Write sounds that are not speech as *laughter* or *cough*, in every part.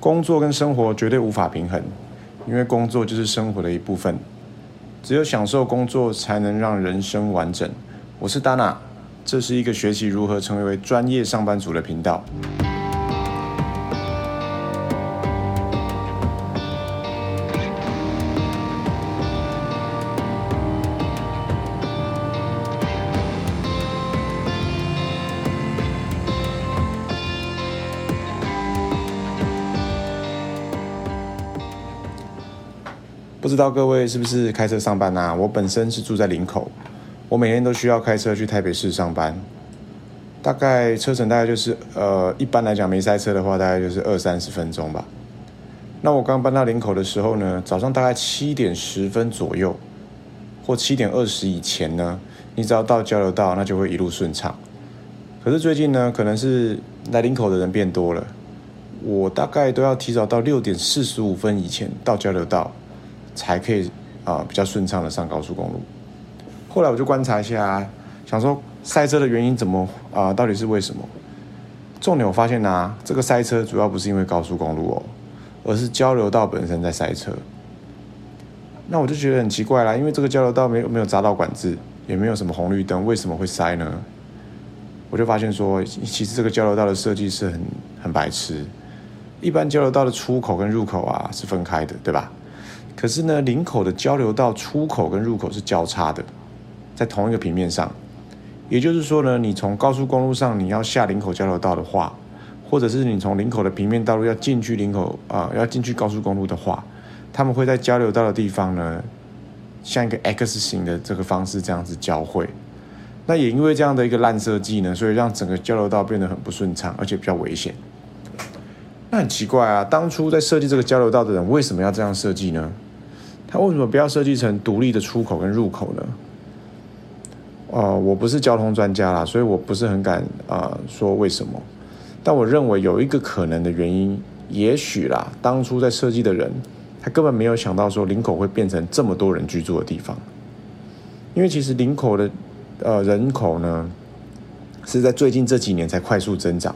工作跟生活絕對無法平衡，因為工作就是生活的一部分。只有享受工作，才能讓人生完整。我是 Dana，這是一個學習如何成為專業上班族的頻道。不知道各位是不是開車上班吶、啊？我本身是住在林口，我每天都需要開車去台北市上班。大概車程大概就是，呃，一般來講沒塞車的話，大概就是二三十分鐘吧。那我剛搬到林口的時候呢，早上大概七點十分左右或七點二十以前呢，你只要到交流道，那就會一路順暢。可是最近呢，可能是來林口的人變多了，我大概都要提早到六點四十五分以前到交流道。才可以啊、呃，比較順暢的上高速公路。後來我就觀察一下，想說塞車的原因怎麼啊、呃？到底是為什麼？重點我發現吶、啊，這個塞車主要不是因為高速公路哦，而是交流道本身在塞車。那我就覺得很奇怪啦，因為這個交流道沒有沒有匝道管制，也沒有什麼紅綠燈，為什麼會塞呢？我就發現說，其實這個交流道的設計是很很白痴。一般交流道的出口跟入口啊是分開的，對吧？可是呢，林口的交流道出口跟入口是交叉的，在同一個平面上。也就是說呢，你從高速公路上你要下林口交流道的話，或者是你從林口的平面道路要進去林口啊、呃，要進去高速公路的話，他們會在交流道的地方呢，像一個 X 型的這個方式這樣子交匯。那也因為這樣的一個爛設計呢，所以讓整個交流道變得很不順暢，而且比較危險。那很奇怪啊！當初在設計這個交流道的人為什麼要這樣設計呢？他為什麼不要設計成獨立的出口跟入口呢？呃，我不是交通專家啦，所以我不是很敢啊、呃、說為什麼。但我認為有一個可能的原因，也許啦，當初在設計的人他根本沒有想到說，林口會變成這麼多人居住的地方，因為其實林口的呃人口呢是在最近這幾年才快速增長。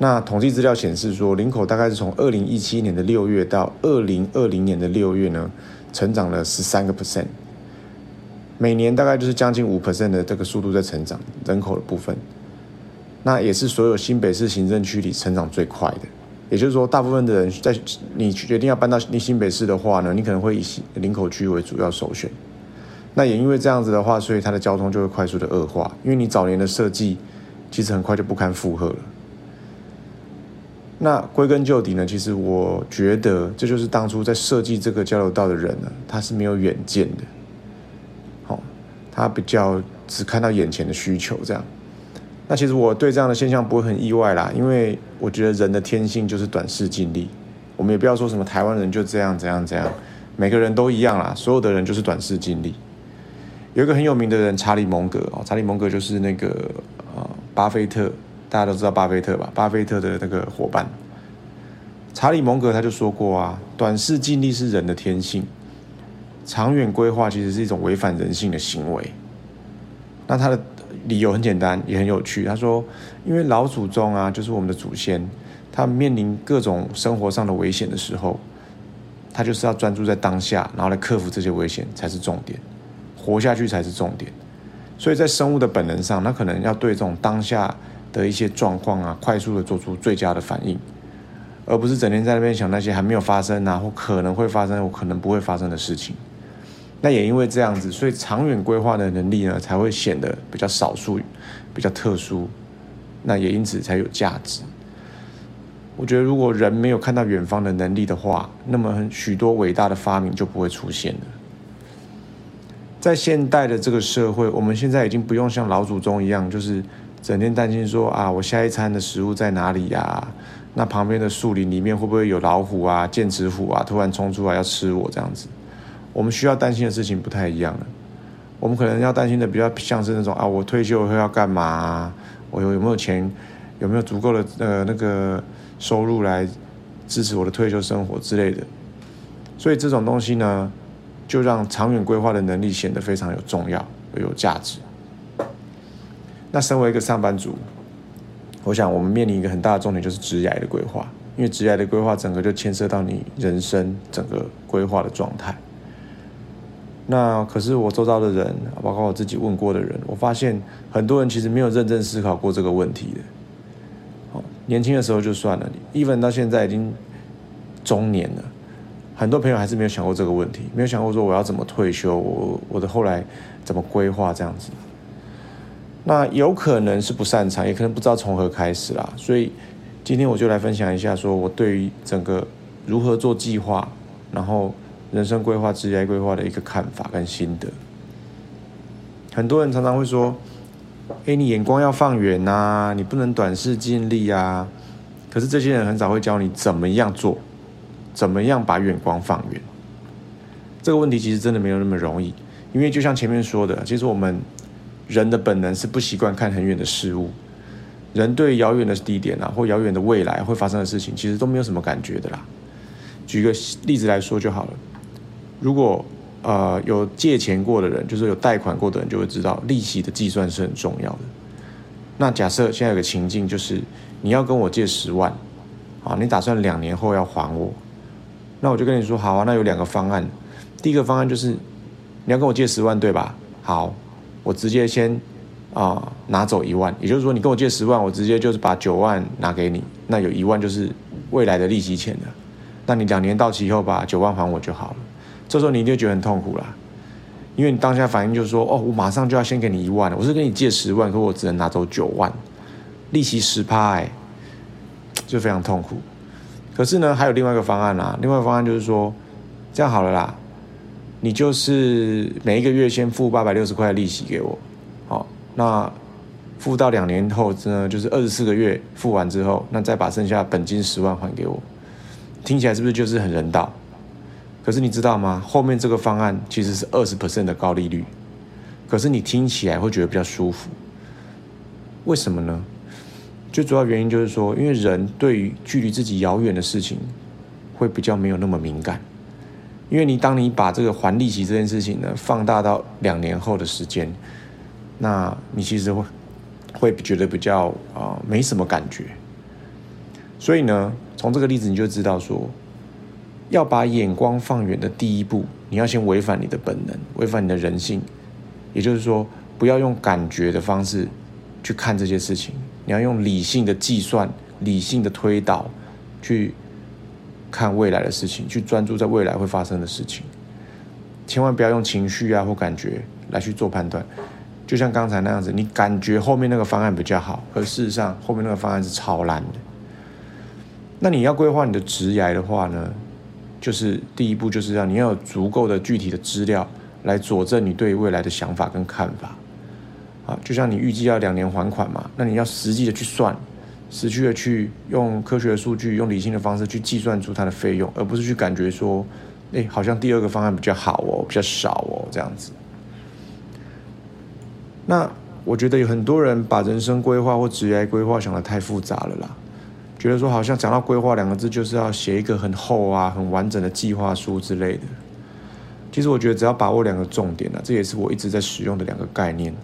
那統計資料顯示說，林口大概是從二零一七年的六月到二零二零年的六月呢，成長了十三個 percent，每年大概就是將近五 percent 的這個速度在成長，人口的部分，那也是所有新北市行政區裡成長最快的。也就是說，大部分的人在你決定要搬到你新北市的話呢，你可能會以新林口區為主要首選。那也因為這樣子的話，所以它的交通就會快速的惡化，因為你早年的設計其實很快就不堪負荷了。那歸根究底呢？其實我覺得這就是當初在設計這個交流道的人呢、啊，他是沒有遠見的。好、哦，他比較只看到眼前的需求這樣。那其實我對這樣的現象不會很意外啦，因為我覺得人的天性就是短視近利。我們也不要說什麼台灣人就這樣怎樣怎樣，每個人都一樣啦，所有的人就是短視近利。有一個很有名的人查理芒格哦，查理芒格就是那個呃、哦、巴菲特。大家都知道巴菲特吧？巴菲特的那個夥伴查理·芒格他就說過啊：“短視近利是人的天性，長遠規劃其實是一種違反人性的行為。”那他的理由很簡單，也很有趣。他說：“因為老祖宗啊，就是我們的祖先，他面臨各種生活上的危險的時候，他就是要專注在當下，然後來克服這些危險才是重點，活下去才是重點。所以在生物的本能上，他可能要對這種當下。”的一些狀況啊，快速的做出最佳的反應，而不是整天在那邊想那些還沒有發生啊，或可能會發生，或可能不會發生的事情。那也因為這樣子，所以長遠規劃的能力呢，才會顯得比較少數，比較特殊。那也因此才有價值。我覺得，如果人沒有看到遠方的能力的話，那麼很許多偉大的發明就不會出現了。在現代的這個社會，我們現在已經不用像老祖宗一樣，就是整天擔心說啊，我下一餐的食物在哪裡呀？啊？那旁邊的樹林裡面會不會有老虎啊、劍齒虎啊，突然衝出來要吃我這樣子？我們需要擔心的事情不太一樣了。我們可能要擔心的比較像是那種啊，我退休以後要幹嘛？啊？我有有沒有錢？有沒有足夠的呃、那個、那個收入來支持我的退休生活之類的？所以這種東西呢，就讓長遠規劃的能力顯得非常有重要，有，有價值。那身為一個上班族，我想我們面臨一個很大的重點，就是職業的規劃，因為職業的規劃整個就牽涉到你人生整個規劃的狀態。那可是我周遭的人，包括我自己問過的人，我發現很多人其實沒有認真思考過這個問題的。年輕的時候就算了，even 到現在已經中年了。很多朋友還是沒有想過這個問題，沒有想過說我要怎麼退休，我我的後來怎麼規劃這樣子。那有可能是不擅長，也可能不知道從何開始啦。所以今天我就來分享一下，說我對於整個如何做計劃，然後人生規劃、職業規劃的一個看法跟心得。很多人常常會說：“誒，你眼光要放遠吶、啊，你不能短視近利啊。”可是這些人很少會教你怎麼樣做。怎麼樣把眼光放遠？這個問題其實真的沒有那麼容易，因為就像前面說的，其實我們人的本能是不習慣看很遠的事物，人對遙遠的地點啊，或遙遠的未來會發生的事情，其實都沒有什麼感覺的啦。舉個例子來說就好了。如果呃有借錢過的人，就是有貸款過的人，就會知道利息的計算是很重要的。那假設現在有個情境，就是你要跟我借十萬，啊，你打算兩年後要還我。那我就跟你說好啊，那有兩個方案。第一個方案就是，你要跟我借十萬，對吧？好，我直接先啊、呃、拿走一萬，也就是說你跟我借十萬，我直接就是把九萬拿給你，那有一萬就是未來的利息錢了。那你兩年到期以後把九萬還我就好了。這時候你一定覺得很痛苦了，因為你當下反應就是說，哦，我馬上就要先給你一萬了。我是跟你借十萬，可我只能拿走九萬，利息十趴，哎、欸，就非常痛苦。可是呢，還有另外一個方案啦、啊。另外一個方案就是說，這樣好了啦，你就是每一個月先付八百六十塊利息給我，好，那付到兩年後呢，就是二十四個月付完之後，那再把剩下本金十萬還給我。聽起來是不是就是很人道？可是你知道嗎？後面這個方案其實是二十%的高利率，可是你聽起來會覺得比較舒服，為什麼呢？最主要原因就是說，因為人對於距離自己遙遠的事情會比較沒有那麼敏感。因為你當你把這個還利息這件事情呢放大到兩年後的時間，那你其實會會覺得比較啊、呃、沒什麼感覺。所以呢，從這個例子你就知道說，要把眼光放遠的第一步，你要先違反你的本能，違反你的人性，也就是說，不要用感覺的方式去看這些事情。你要用理性的計算、理性的推導，去看未來的事情，去專注在未來會發生的事情，千萬不要用情緒啊或感覺來去做判斷。就像剛才那樣子，你感覺後面那個方案比較好，可事實上後面那個方案是超爛的。那你要規劃你的職涯的話呢，就是第一步就是要你要有足夠的具體的資料來佐證你對未來的想法跟看法。啊，就像你預計要兩年還款嘛，那你要實際的去算，實際的去用科學的數據，用理性的方式去計算出它的費用，而不是去感覺說，哎，好像第二個方案比較好哦，比較少哦，這樣子。那我覺得有很多人把人生規劃或職業規劃想得太複雜了啦，覺得說好像講到規劃兩個字就是要寫一個很厚啊、很完整的計劃書之類的。其實我覺得只要把握兩個重點啦，這也是我一直在使用的兩個概念。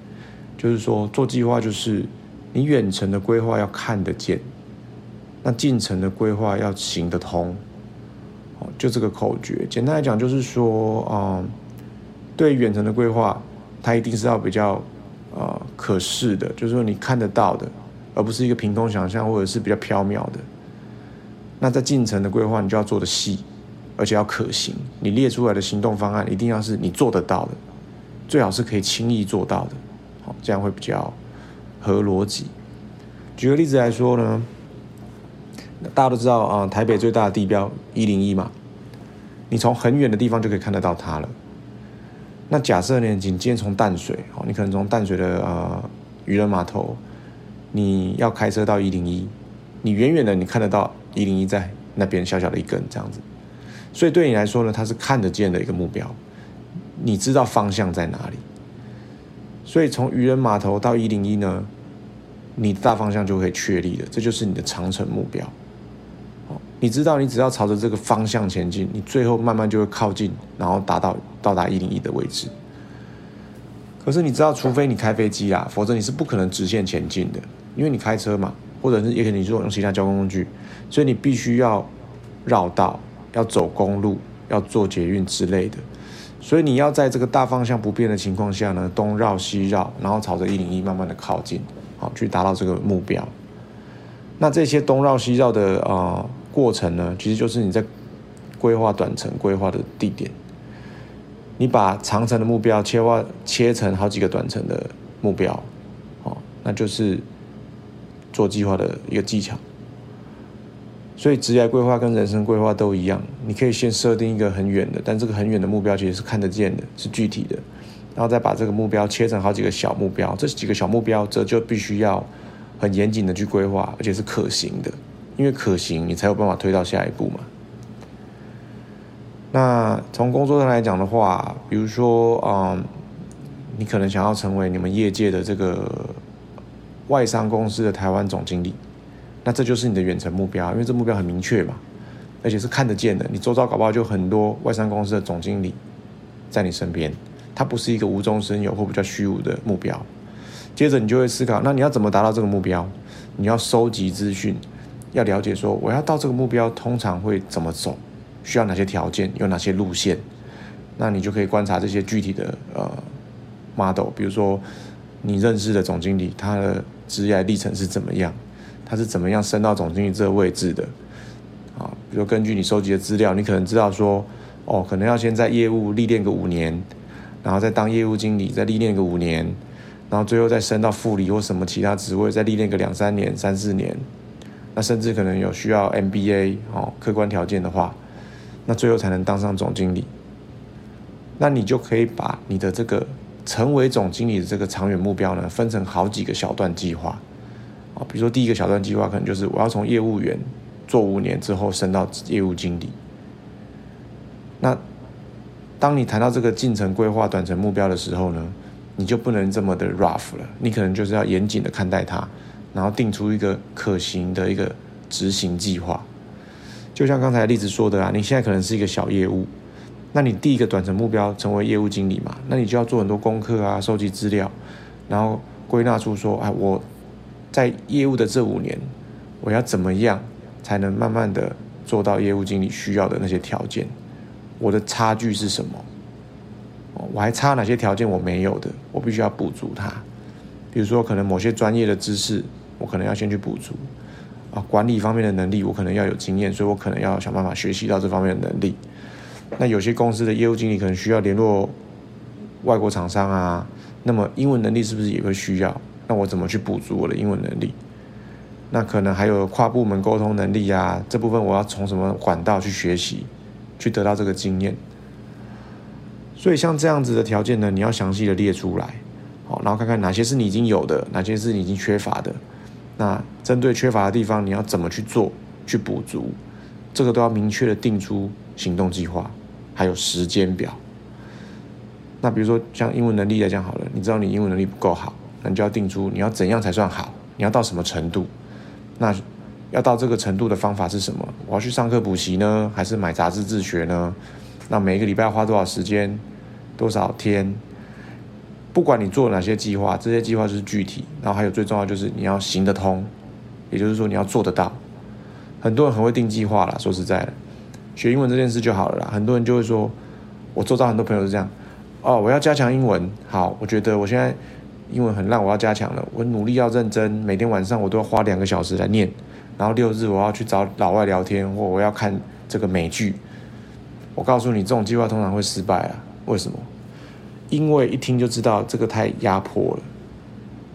就是說，做計劃就是你遠程的規劃要看得見，那近程的規劃要行得通，就這個口訣。簡單來講，就是說，嗯、呃、對遠程的規劃，它一定是要比較呃可視的，就是說你看得到的，而不是一個憑空想象或者是比較縹緲的。那在近程的規劃，你就要做得細，而且要可行。你列出來的行動方案一定要是你做得到的，最好是可以輕易做到的。這樣會比較合邏輯。舉個例子來說呢，大家都知道啊，呃，台北最大的地標一零一嘛，你從很遠的地方就可以看得到它了。那假設呢，你今天從淡水，哦，你可能從淡水的呃漁人碼頭，你要開車到一零一，你遠遠的你看得到一零一在那邊小小的一根這樣子，所以對你來說呢，它是看得見的一個目標，你知道方向在哪裡。所以從漁人碼頭到一零一呢，你的大方向就可以確立了，這就是你的長程目標。你知道，你只要朝着這個方向前進，你最後慢慢就會靠近，然後達到到達一零一的位置。可是你知道，除非你開飛機啊，否則你是不可能直線前進的，因為你開車嘛，或者是也許你說用其他交通工具，所以你必須要繞道，要走公路，要坐捷運之類的。所以你要在這個大方向不變的情況下呢，東繞西繞，然後朝着一零一慢慢的靠近，好，去達到這個目標。那這些東繞西繞的啊、呃、過程呢，其實就是你在規劃短程規劃的地點，你把長程的目標切換切成好幾個短程的目標，哦，那就是做計劃的一個技巧。所以職業規劃跟人生規劃都一樣，你可以先設定一個很遠的，但這個很遠的目標其實是看得見的，是具體的，然後再把這個目標切成好幾個小目標，這幾個小目標則就必須要很嚴謹的去規劃，而且是可行的，因為可行你才有辦法推到下一步嘛。那從工作上來講的話，比如說啊、嗯，你可能想要成為你們業界的這個外商公司的台灣總經理。那這就是你的遠程目標，因為這目標很明確嘛，而且是看得見的。你周遭搞不好就很多外商公司的總經理在你身邊，他不是一個無中生有或比較虛無的目標。接着你就會思考，那你要怎麼達到這個目標？你要收集資訊，要了解說我要到這個目標通常會怎麼走，需要哪些條件，有哪些路線。那你就可以觀察這些具體的呃 model，比如說你認識的總經理他的職業的歷程是怎麼樣。他是怎麼樣升到總經理這個位置的？啊，比如根據你收集的資料，你可能知道說，哦，可能要先在業務歷練個五年，然後再當業務經理，再歷練個五年，然後最後再升到副理或什麼其他職位，再歷練個兩三年、三四年，那甚至可能有需要 MBA 哦，客觀條件的話，那最後才能當上總經理。那你就可以把你的這個成為總經理的這個長遠目標呢，分成好幾個小段計劃。比如說，第一個小段計劃可能就是我要從業務員做五年之後升到業務經理。那當你談到這個進程規劃、短程目標的時候呢，你就不能這麼的 rough 了。你可能就是要嚴謹的看待它，然後定出一個可行的一個執行計劃。就像剛才例子說的啊，你現在可能是一個小業務，那你第一個短程目標成為業務經理嘛，那你就要做很多功課啊，收集資料，然後歸納出說，哎、啊，我。在業務的這五年，我要怎麼樣才能慢慢地做到業務經理需要的那些條件？我的差距是什麼？我還差哪些條件我沒有的？我必須要補足它。比如說，可能某些專業的知識，我可能要先去補足啊。管理方面的能力，我可能要有經驗，所以我可能要想辦法學習到這方面的能力。那有些公司的業務經理可能需要聯絡外國廠商啊，那麼英文能力是不是也會需要？那我怎麼去補足我的英文能力？那可能還有跨部門溝通能力啊，這部分我要從什麼管道去學習，去得到這個經驗。所以像這樣子的條件呢，你要詳細的列出來，好，然後看看哪些是你已經有的，哪些是你已經缺乏的。那針對缺乏的地方，你要怎麼去做去補足。這個都要明確的定出行動計劃，還有時間表。那比如說像英文能力來講好了，你知道你英文能力不夠好。那就要定出你要怎樣才算好，你要到什麼程度？那要到這個程度的方法是什麼？我要去上課補習呢，還是買雜誌自學呢？那每一個禮拜要花多少時間，多少天？不管你做哪些計劃，這些計劃就是具體。然後還有最重要就是你要行得通，也就是說你要做得到。很多人很會定計劃了，說實在的，學英文這件事就好了啦。很多人就會說，我做到。很多朋友是這樣，哦，我要加強英文，好，我覺得我現在。英文很爛，我要加強了。我努力要認真，每天晚上我都要花兩個小時來念。然後六日我要去找老外聊天，或我要看這個美劇。我告訴你，這種計劃通常會失敗啊！為什麼？因為一聽就知道這個太壓迫了。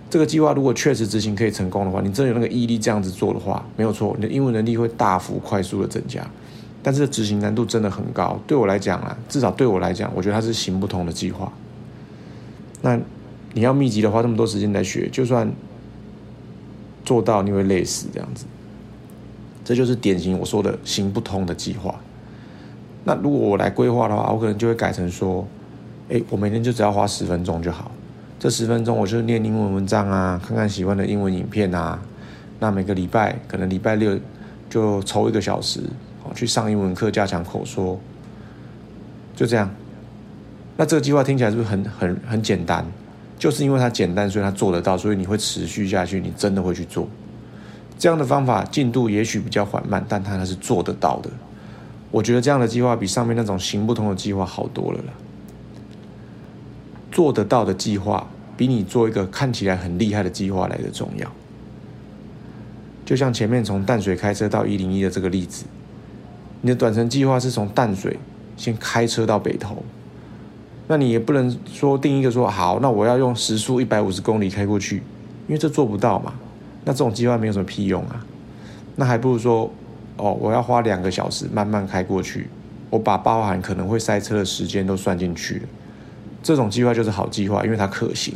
這個計劃如果確實執行可以成功的話，你真的有那個毅力這樣子做的話，沒有錯，你的英文能力會大幅快速的增加。但是執行難度真的很高。對我來講啊，至少對我來講，我覺得它是行不通的計劃。那。你要密集的話花這麼多時間來學，就算做到，你會累死。這樣子，這就是典型我說的行不通的計劃。那如果我來規劃的話，我可能就會改成說：哎、欸，我每天就只要花十分鐘就好。這十分鐘，我就念英文文章啊，看看喜歡的英文影片啊。那每個禮拜，可能禮拜六就抽一個小時，去上英文課加強口說。就這樣，那這個計劃聽起來是不是很很很簡單？就是因為它簡單，所以它做得到，所以你會持續下去，你真的會去做。這樣的方法進度也許比較緩慢，但它還是做得到的。我覺得這樣的計劃比上面那種行不通的計劃好多了啦。做得到的計劃比你做一個看起來很厲害的計劃來的重要。就像前面從淡水開車到一零一的這個例子，你的短程計劃是從淡水先開車到北投。那你也不能說定一個說好，那我要用時速一百五十公里開過去，因為這做不到嘛。那這種計劃沒有什麼屁用啊。那還不如說，哦，我要花兩個小時慢慢開過去，我把包含可能會塞車的時間都算進去了。這種計劃就是好計劃，因為它可行。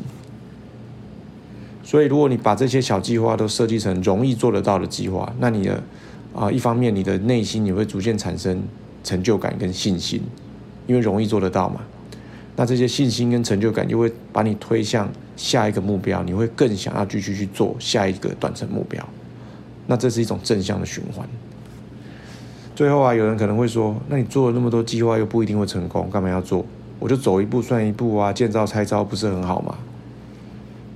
所以，如果你把這些小計劃都設計成容易做得到的計劃，那你的啊、呃，一方面你的內心你會逐漸產生成就感跟信心，因為容易做得到嘛。那這些信心跟成就感，就會把你推向下一個目標，你會更想要繼續去做下一個短程目標。那這是一種正向的循環。最後啊，有人可能會說：“那你做了那麼多計劃，又不一定會成功，幹嘛要做？我就走一步算一步啊，見招拆招，不是很好嗎？”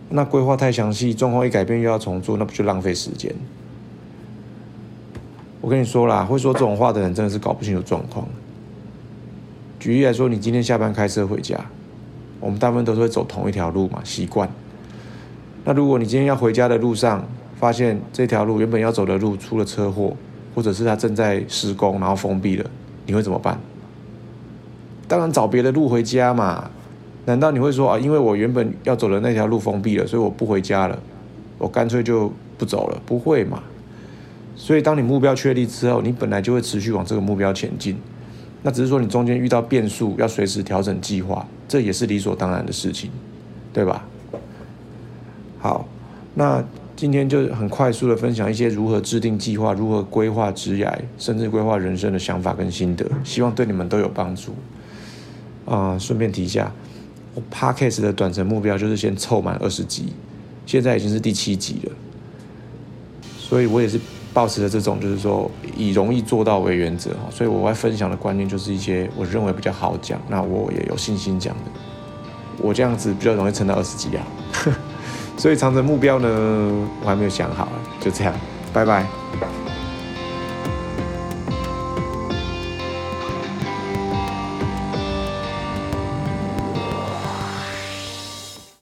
那規劃太詳細，狀況一改變又要重做，那不就浪費時間？我跟你說啦，會說這種話的人，真的是搞不清楚狀況。舉例來說，你今天下班開車回家，我們大部分都是會走同一條路嘛，習慣。那如果你今天要回家的路上，發現這條路原本要走的路出了車禍，或者是它正在施工，然後封閉了，你會怎麼辦？當然找別的路回家嘛。難道你會說啊，因為我原本要走的那條路封閉了，所以我不回家了，我乾脆就不走了？不會嘛。所以當你目標確立之後，你本來就會持續往這個目標前進。那只是說你中間遇到變數，要隨時調整計劃，這也是理所當然的事情，對吧？好，那今天就很快速的分享一些如何制定計劃、如何規劃職涯，甚至規劃人生的想法跟心得，希望對你們都有幫助。啊、嗯，順便提一下，我 podcast 的短程目標就是先湊滿二十集，現在已經是第七集了，所以我也是。保持的這種就是說，以容易做到為原則，所以我會分享的觀念就是一些我認為比較好講，那我也有信心講的。我這樣子比較容易撐到二十幾啊， *laughs* 所以長程目標呢，我還沒有想好，就這樣，拜拜。